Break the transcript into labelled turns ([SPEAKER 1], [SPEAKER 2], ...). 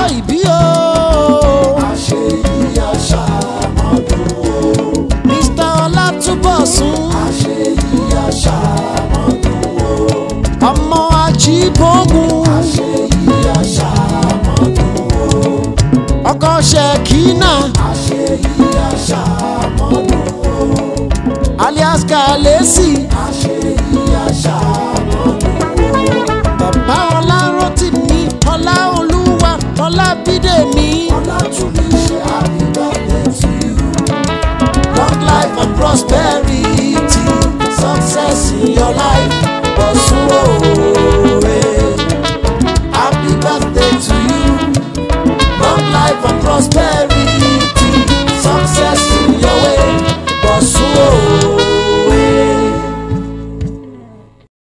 [SPEAKER 1] ọjọ́ ìbí o. àṣeyí àṣà mọ́dún o. Mr. Ọlátúbọ̀sún. àṣeyí àṣà mọ́dún o. ọmọ Ajíbógun. àṣeyí
[SPEAKER 2] àṣà mọ́dún
[SPEAKER 3] o. ọkọ Ṣẹ̀kínà. àṣeyí àṣà mọ́dún o. alias Kàlẹ́sì. àṣeyí
[SPEAKER 1] Bídèmí. Ọlátúnjí ṣe happy birthday to you. Long life and prosperity, success in your life, pursue òwe. Happy birthday to you. Long life and prosperity.